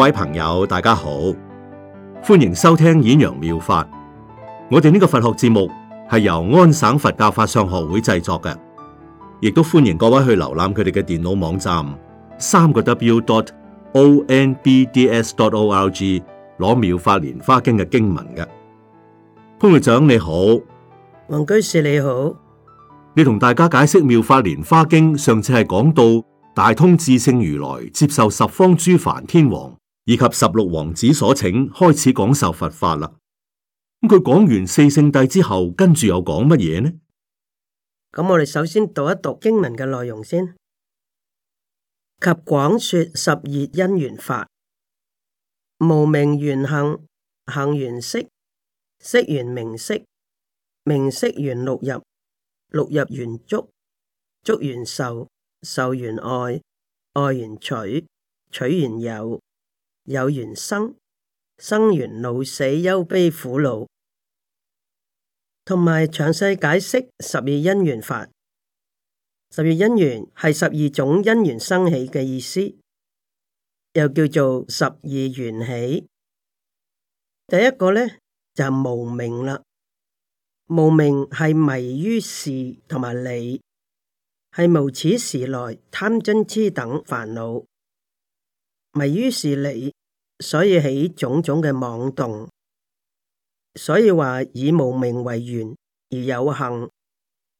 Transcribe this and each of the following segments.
各位朋友，大家好，歡迎收聽《演揚妙,妙法》。我哋呢個佛學節目係由安省佛教法相學會製作嘅，亦都歡迎各位去瀏覽佢哋嘅電腦網站，三個 w.dot.o.n.b.d.s.dot.o.r.g 攞《妙法蓮花經》嘅經文嘅。潘會長你好，王居士你好，你同大家解釋《妙法蓮花經》。上次係講到大通智勝如來接受十方諸梵天王。以及十六王子所請開始講受佛法啦。咁佢講完四聖諦之後，跟住又講乜嘢呢？咁我哋首先讀一讀經文嘅內容先，及廣說十二因緣法，無明緣行，行緣識，識緣名色，名色緣六入，六入緣觸，觸緣受，受緣愛，愛緣取，取緣有。有緣生，生緣老死，憂悲苦惱。同埋詳細解釋十二因緣法。十二因緣係十二種因緣生起嘅意思，又叫做十二緣起。第一個咧就是、無明啦，無明係迷於事同埋理，係無始時來貪嗔痴等煩惱，迷於事理。所以起種種嘅妄動，所以話以無明為緣而有行。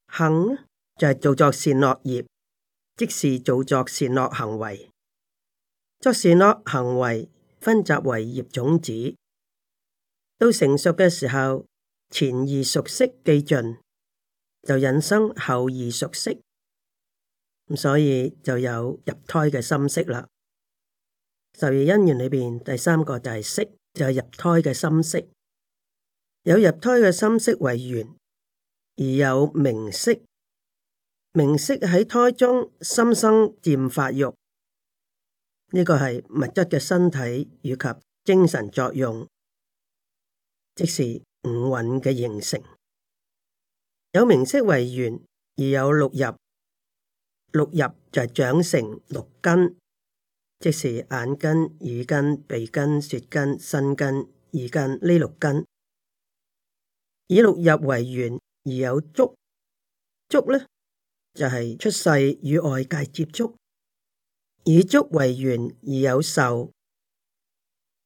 行就係做作善惡業，即是做作善惡行為。作善惡行為分集為業種子，到成熟嘅時候，前而熟識既盡，就引生後而熟識。咁所以就有入胎嘅心識啦。十二因緣裏邊，第三個就係識，就係、是、入胎嘅神識。有入胎嘅神識為緣，而有名色。名色喺胎中心生漸發育，呢、這個係物質嘅身體以及精神作用，即是五蘊嘅形成。有名色為緣，而有六入，六入就係長成六根。即是眼根、耳根、鼻根、舌根、身根、意根呢六根，以六入為緣而有觸，觸呢就係、是、出世與外界接觸，以觸為緣而有受，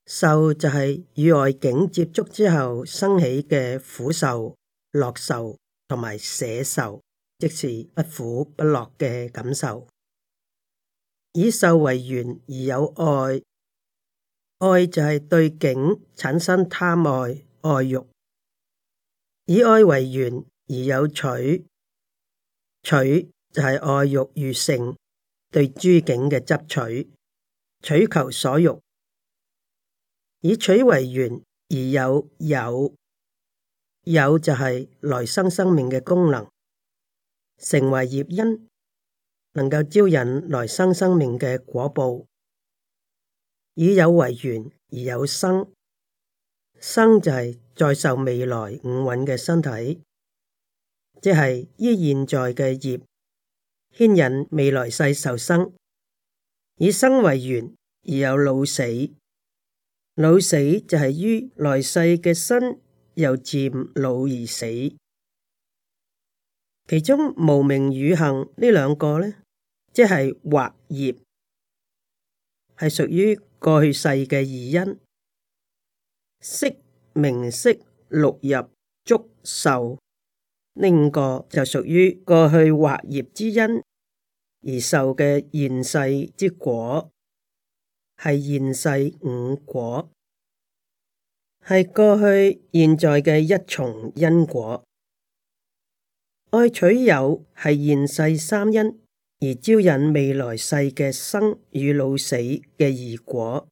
受就係與外境接觸之後生起嘅苦受、樂受同埋捨受，即是不苦不樂嘅感受。以受為緣而有愛，愛就係對境產生貪愛愛欲；以愛為緣而有取，取就係愛欲欲成，對諸境嘅執取，取求所欲；以取為緣而有有，有就係來生生命嘅功能，成為業因。能夠招引來生生命嘅果報，以有為緣而有生，生就係在受未來五蘊嘅身體，即係於現在嘅業牽引未來世受生；以生為緣而有老死，老死就係於來世嘅身由漸老而死。其中無明與行呢兩個呢？即係惑業，係屬於過去世嘅二因；識、名色六入、觸受，呢個就屬於過去惑業之因而受嘅現世之果，係現世五果，係過去現在嘅一重因果。愛取有係現世三因。而招引未來世嘅生與老死嘅異果，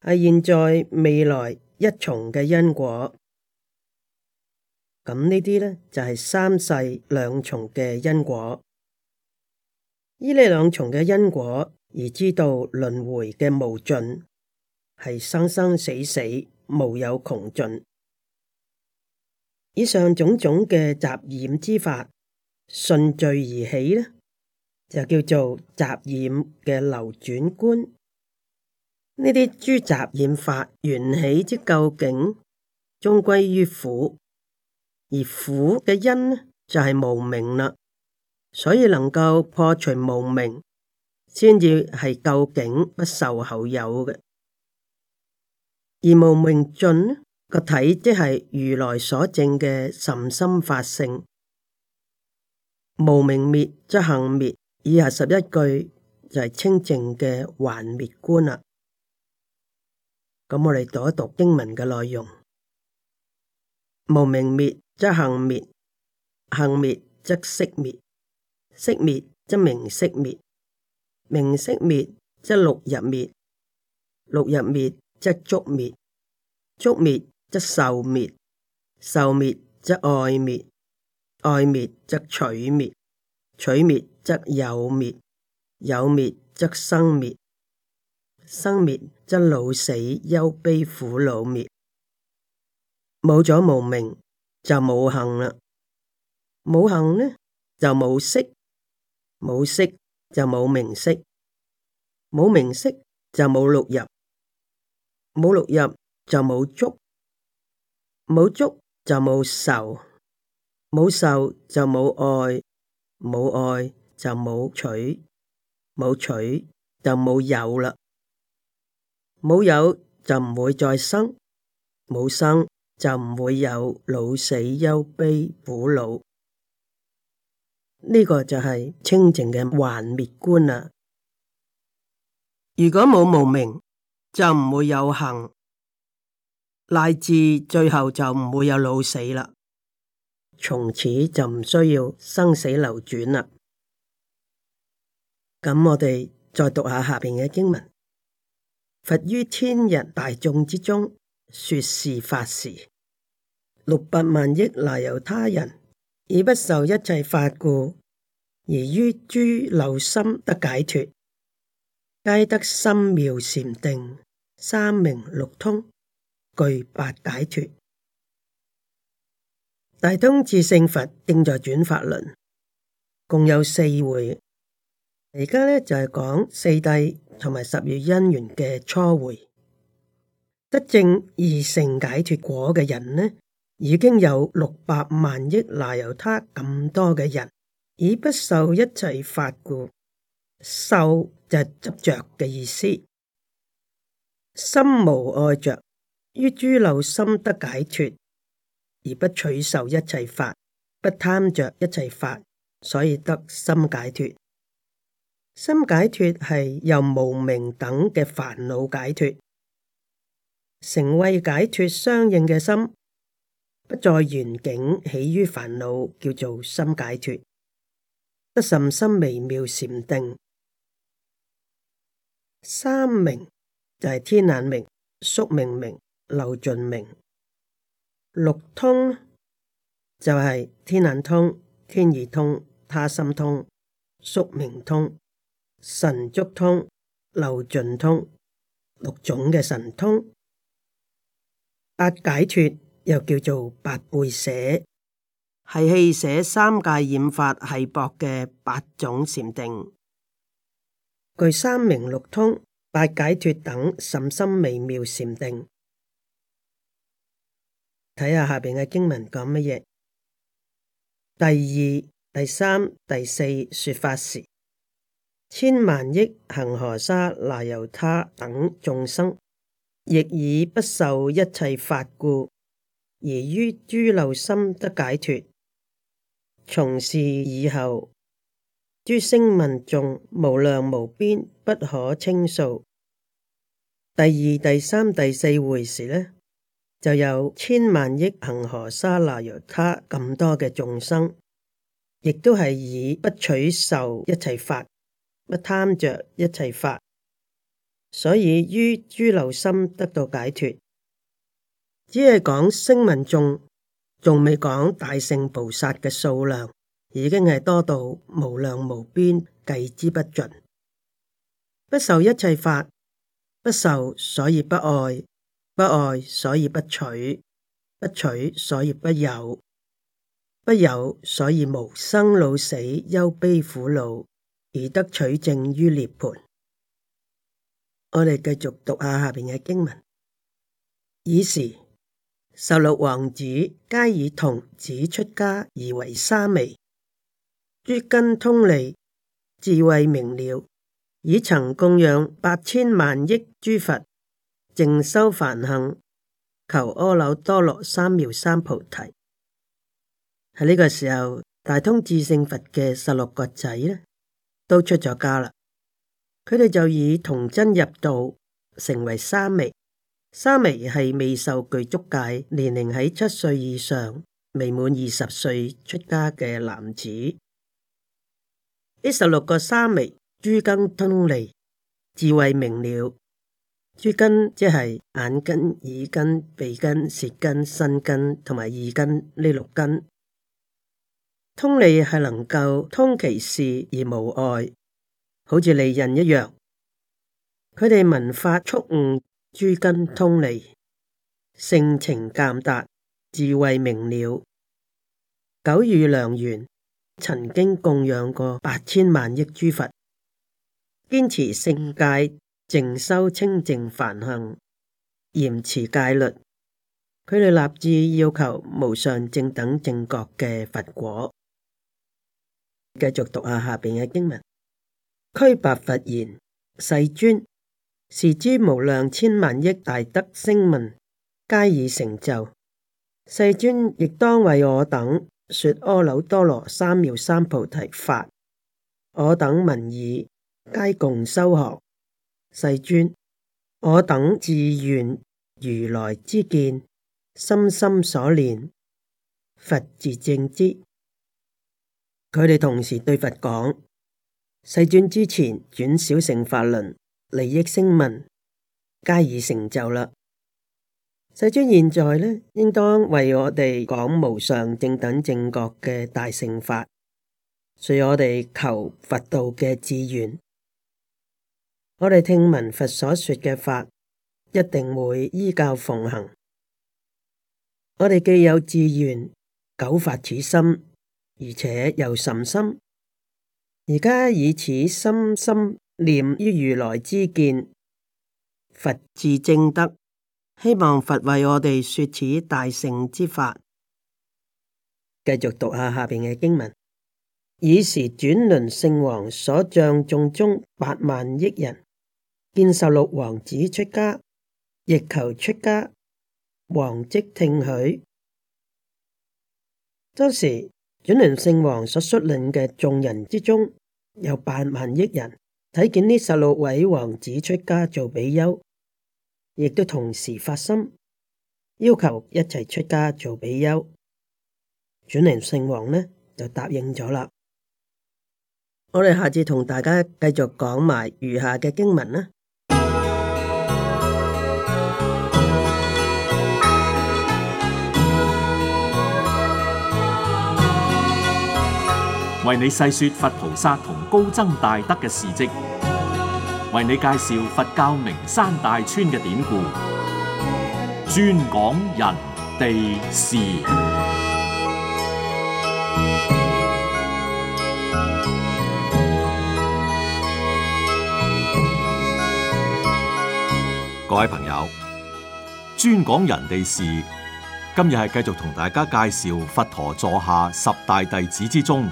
係現在未來一重嘅因果。咁呢啲咧就係、是、三世兩重嘅因果。依呢兩重嘅因果而知道輪迴嘅無盡，係生生死死，死無有窮盡。以上種種嘅雜染之法。順序而起呢，就叫做雜染嘅流轉觀。呢啲諸雜染法緣起之究竟，終歸於苦。而苦嘅因呢，就係、是、無明啦。所以能夠破除無明，先至係究竟不受後有嘅。而無明盡呢個體，即係如來所證嘅甚深法性。無明滅則行滅，以下十一句就係、是、清淨嘅還滅觀啦。咁我哋讀一讀經文嘅內容：無明滅則行滅，行滅則識滅，識滅則名色滅，名色滅則六入滅，六入滅則觸滅，觸滅則受滅，受滅則愛滅。愛滅則取滅，取滅則有滅，有滅則生滅，生滅則老死憂悲苦惱滅。冇咗無明，就冇行啦，冇行呢就冇識；冇識，就冇名色；冇名色，就冇六入，冇六入就冇觸，冇觸就冇受。冇受就冇愛，冇愛就冇取，冇取就冇有啦。冇有就唔會再生，冇生就唔會有老死憂悲苦惱。呢、這個就係清淨嘅還滅觀啦。如果冇無，無明，就唔會有行；乃至最後就唔會有老死啦。從此就唔需要生死流轉啦。咁我哋再讀下下邊嘅經文：佛於天人大眾之中說是法時，六百萬億那由他人以不受一切法故，而於諸漏心得解脫，皆得深妙禪定，三明六通，具八解脫。大通智勝佛正在轉法輪，共有四回。而家呢，就係、是、講四諦同埋十二因緣嘅初回得證二乘解脱果嘅人呢，已經有六百萬億那由他咁多嘅人，以不受一切法故，受就執着嘅意思，心無愛着，於諸漏心得解脱。而不取受一切法，不貪着一切法，所以得心解脫。心解脫係由無明等嘅煩惱解脫，成為解脫相應嘅心，不再緣境起於煩惱，叫做心解脫。得甚深微妙禪定，三明就係天眼明、宿命明、漏盡明。六通就係、是、天眼通、天耳通、他心通、宿命通、神足通、漏盡通六種嘅神通。八解脫又叫做八背捨，係棄捨三界染法繫縛嘅八種禪定。具三明六通、八解脫等甚深微妙禪定。睇下下邊嘅經文講乜嘢？第二、第三、第四說法時，千萬億恒河沙那由他等眾生，亦以不受一切法故，而於諸漏心得解脫。從是以後，諸聲聞眾無量無邊，不可稱數。第二、第三、第四回時呢？就有千萬億恒河沙那由他咁多嘅眾生，亦都係以不取受一切法，不貪着一切法，所以於諸漏心得到解脫。只係講聲聞眾，仲未講大聖菩薩嘅數量，已經係多到無量無邊，計之不盡。不受一切法，不受所以不愛。不愛所以不取，不取所以不有，不有所以無生老死憂悲苦惱，而得取正於涅槃。我哋繼續讀下下邊嘅經文。以時十六王子皆以童子出家而為沙彌，諸根通利，智慧明了，已曾供養八千萬億諸佛。淨修梵行，求阿耨多羅三藐三菩提。喺呢個時候，大通智勝佛嘅十六個仔呢，都出咗家啦。佢哋就以童真入道，成為沙彌。沙彌係未受具足戒、年齡喺七歲以上、未滿二十歲出家嘅男子。呢十六個沙彌，諸根通利，智慧明了。諸根即係眼根、耳根、鼻根、舌根、身根同埋意根，呢六根通利，係能夠通其事而無礙，好似利刃一樣。佢哋文化觸悟諸根通利，性情鑒達，智慧明了，久與良緣，曾經供養過八千萬億諸佛，堅持聖戒。淨修清淨梵行，嚴持戒律，佢哋立志要求無上正等正覺嘅佛果。繼續讀下下邊嘅經文：俱白佛言：世尊，是諸無量千萬億大德聲聞，皆已成就。世尊亦當為我等說阿耨多羅三藐三菩提法。我等聞已，皆共修學。世尊，我等自願如來之見，心心所念，佛自正知。佢哋同時對佛講：世尊之前轉小乘法輪，利益聲聞，皆已成就啦。世尊現在呢，應當為我哋講無上正等正覺嘅大乘法，隨我哋求佛道嘅志願。我哋聽聞佛所說嘅法，一定會依教奉行。我哋既有志願，久發此心，而且又甚深。而家以此心心念於如來之見，佛至正德，希望佛為我哋說此大聖之法。繼續讀下下面嘅經文，以時轉輪聖王所將，眾中八萬億人。見十六王子出家，亦求出家，王即聽許。當時轉輪聖王所率領嘅眾人之中有八萬億人，睇見呢十六位王子出家做比丘，亦都同時發心要求一齊出家做比丘。轉輪聖王呢就答應咗啦。我哋下次同大家繼續講埋餘下嘅經文啦。為你細說佛菩薩同高僧大德嘅事蹟，為你介紹佛教名山大川嘅典故，專講人哋事。各位朋友，專講人哋事，今日係繼續同大家介紹佛陀座下十大弟子之中，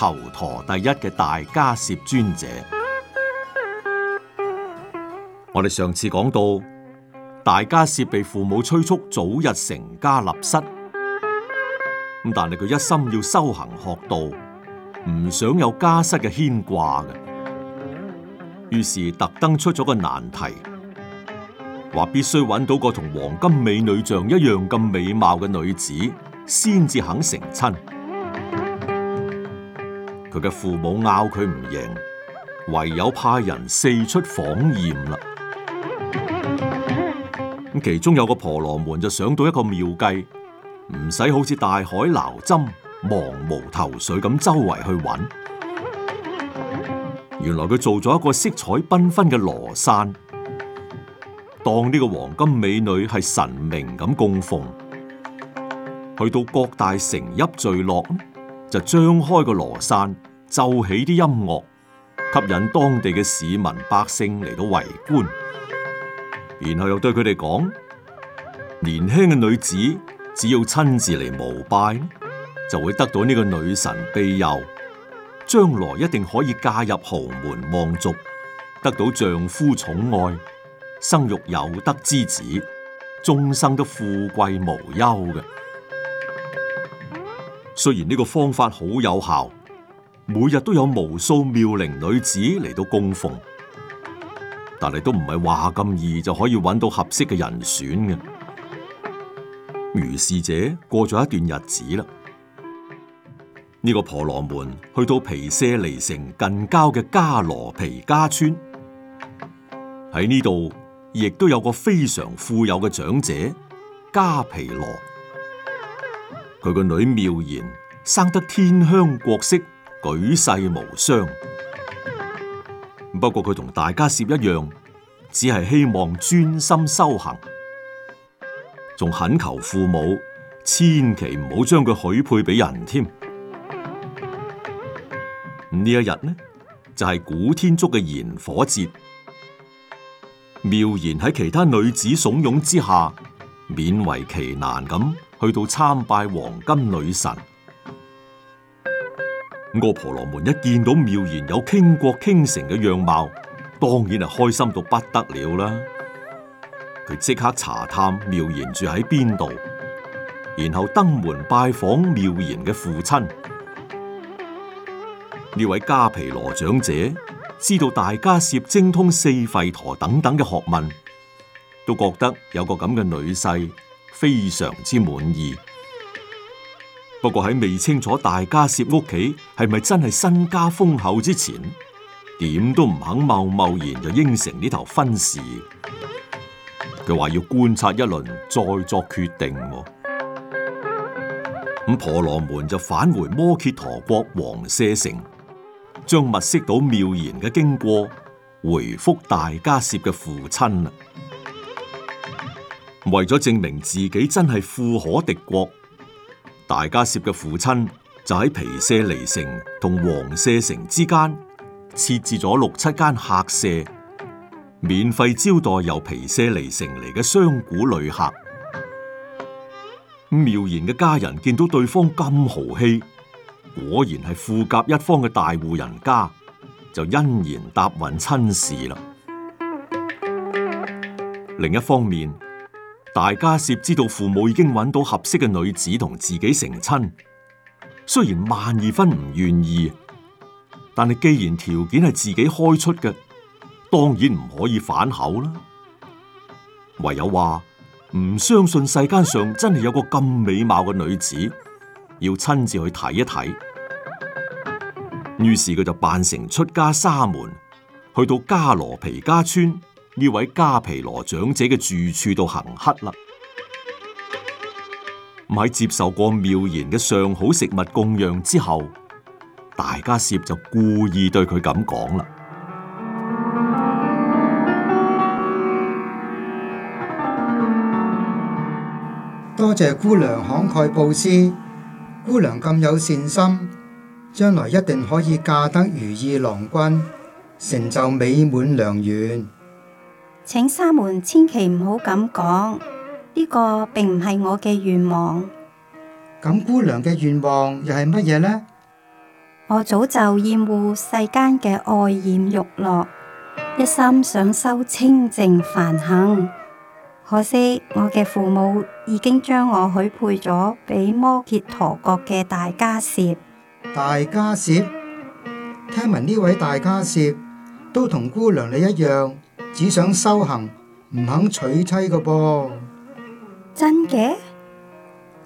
頭陀第一嘅大迦葉尊者，我哋上次講到，大迦葉被父母催促早日成家立室，咁但係佢一心要修行學道，唔想有家室嘅牽掛嘅，於是特登出咗個難題，話必須揾到個同黃金美女像一樣咁美貌嘅女子，先至肯成親。佢嘅父母拗佢唔贏，唯有派人四出訪驗啦。咁其中有個婆羅門就想到一個妙計，唔使好似大海撈針、茫無頭緒咁周圍去揾。原來佢做咗一個色彩繽紛嘅羅山，當呢個黃金美女係神明咁供奉，去到各大城邑聚落。就張開個羅傘，奏起啲音樂，吸引當地嘅市民百姓嚟到圍觀。然後又對佢哋講：年輕嘅女子只要親自嚟膜拜，就會得到呢個女神庇佑，將來一定可以嫁入豪門望族，得到丈夫寵愛，生育有德之子，終生都富貴無憂嘅。雖然呢個方法好有效，每日都有無數妙齡女子嚟到供奉，但係都唔係話咁易就可以揾到合適嘅人選嘅。如是者過咗一段日子啦，呢個婆羅門去到皮舍離城近郊嘅加羅皮加村，喺呢度亦都有個非常富有嘅長者加皮羅。佢個女妙賢生得天香國色，舉世無雙。不過佢同大迦葉一樣，只係希望專心修行，仲懇求父母千祈唔好將佢許配俾人添。呢一日呢就係、是、古天竺嘅燃火節，妙賢喺其他女子慫恿之下，勉為其難咁，去到參拜黃金女神，咁個婆羅門一見到妙賢有傾國傾城嘅樣貌，當然係開心到不得了啦。佢即刻查探妙賢住喺邊度，然後登門拜訪妙賢嘅父親。呢位迦毗羅長者知道大迦葉精通四吠陀等等嘅學問，都覺得有個咁嘅女婿。非常之滿意，不過喺未清楚大迦葉屋企係咪真係身家豐厚之前，點都唔肯貿貿然就應承呢頭婚事。佢話要觀察一輪再作決定。咁婆羅門就返回摩羯陀國王舍城，將物色到妙言嘅經過回復大迦葉嘅父親。為咗證明自己真係富可敵國，大迦葉嘅父親就喺毗舍離城同王舍城之間設置咗六七間客舍，免費招待由毗舍離城嚟嘅商賈旅客。妙賢嘅家人見到對方咁豪氣，果然係富甲一方嘅大戶人家，就欣然答允親事啦。另一方面，大家迦葉知道父母已經揾到合適嘅女子同自己成親，雖然萬二分唔願意，但係既然條件係自己開出嘅，當然唔可以反口啦。唯有話唔相信世間上真係有個咁美貌嘅女子，要親自去睇一睇。於是佢就扮成出家沙門，去到伽羅皮家村。呢位迦毗羅長者嘅住處度行乞啦，喺接受過妙賢嘅上好食物供養之後，大迦葉就故意對佢咁講啦：多謝姑娘慷慨布施，姑娘咁有善心，將來一定可以嫁得如意郎君，成就美滿良緣。請沙門千祈唔好咁講，呢、這個並唔係我嘅願望。咁姑娘嘅願望又係乜嘢呢？我早就厭惡世間嘅愛染欲樂，一心想修清淨梵行。可惜我嘅父母已經將我許配咗俾摩羯陀國嘅大迦葉。大迦葉，聽聞呢位大迦葉都同姑娘你一樣。只想修行，唔肯娶妻嘅噃。真嘅？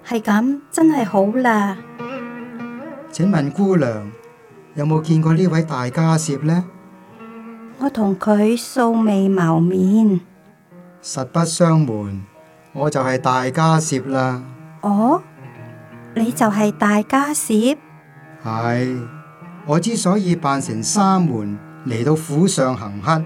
係咁，真係好啦。請問姑娘有冇見過呢位大迦葉呢？我同佢素未謀面。實不相瞞，我就係大迦葉啦。哦，你就係大迦葉？係，我之所以扮成沙門嚟到府上行乞，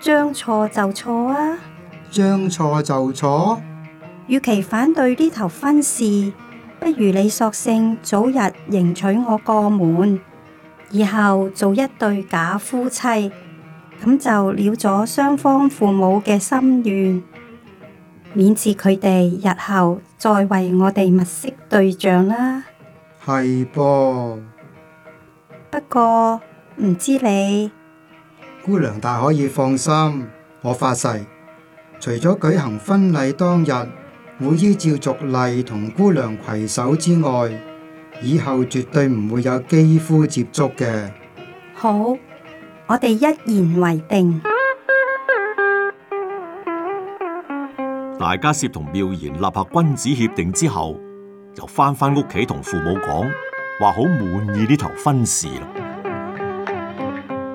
將錯就錯啊！將錯就錯。與其反對呢頭婚事，不如你索性早日迎娶我過門，以後做一對假夫妻，咁就了咗雙方父母嘅心願，免致佢哋日後再為我哋物色對象啦。係噃吧。不過唔知你。姑娘，大可以放心，我發誓，除咗舉行婚禮當日會依照俗例同姑娘攜手之外，以後絕對唔會有肌膚接觸嘅。好，我哋一言為定。大迦葉同妙賢立下君子協定之後，就返返屋企同父母講話，好滿意呢頭婚事啦。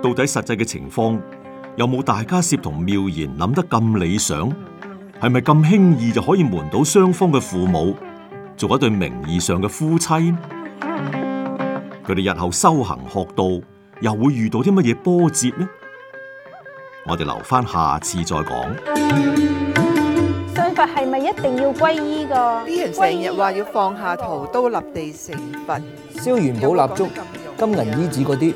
到底實際嘅情況有冇大迦葉同妙言諗得咁理想？係咪咁輕易就可以瞞到雙方嘅父母，做一對名義上嘅夫妻？佢哋、嗯、日後修行學道又會遇到啲乜嘢波折呢？我哋留翻下次再講。信佛係咪一定要皈依噶？成日話要放下屠刀，立地成佛，燒元寶、蠟燭、有有金銀衣紙嗰啲。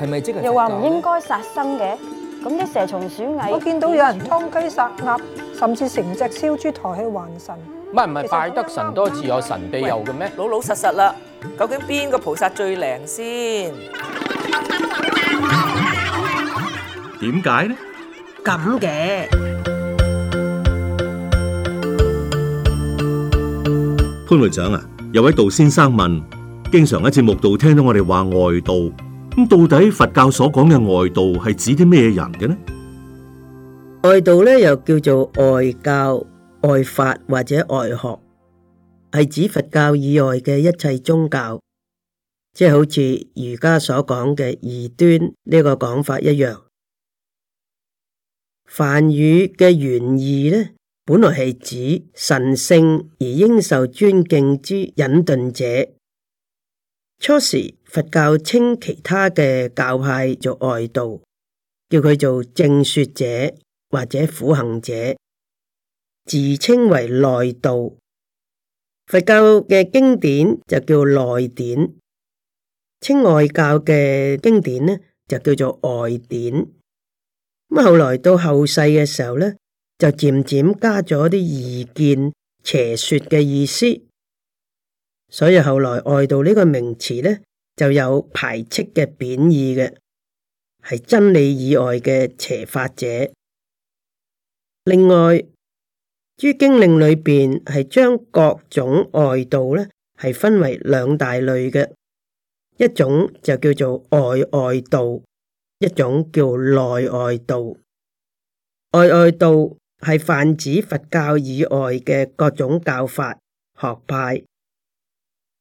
係咪即係又話唔應該殺生嘅？咁啲蛇蟲鼠蟻，我見到有人劏雞殺鴨，甚至成隻燒豬抬起還神。唔係拜得神多自有神庇佑嘅咩？老老實實啦，究竟邊個菩薩最靈先？點解呢？咁嘅潘會長啊，有位杜先生問，經常喺節目度聽到我哋話外道。咁到底佛教所講嘅外道係指啲咩人嘅呢？外道呢又叫做外教、外法或者外學，係指佛教以外嘅一切宗教，即係好似儒家所講嘅異端呢個講法一樣。梵語嘅原意呢，本來係指神聖而應受尊敬之隱遁者。初時佛教稱其他嘅教派做外道，叫佢做正說者或者苦行者，自稱為內道。佛教嘅經典就叫內典，稱外教嘅經典呢就叫做外典。咁後來到後世嘅時候呢，就漸漸加咗啲異見邪說嘅意思。所以後來外道呢個名詞呢，就有排斥嘅貶義嘅，係真理以外嘅邪法者。另外，諸經令裏邊係將各種外道呢，係分為兩大類嘅，一種就叫做外外道，一種叫內外道。外外道係泛指佛教以外嘅各種教法、學派。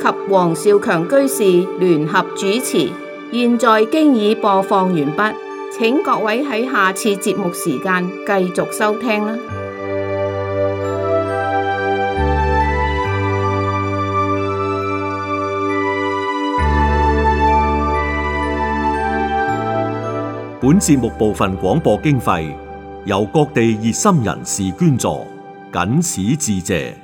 及黃少強居士聯合主持，現在經已播放完畢，請各位喺下次節目時間繼續收聽啦。本節目部分廣播經費由各地熱心人士捐助，謹此致謝。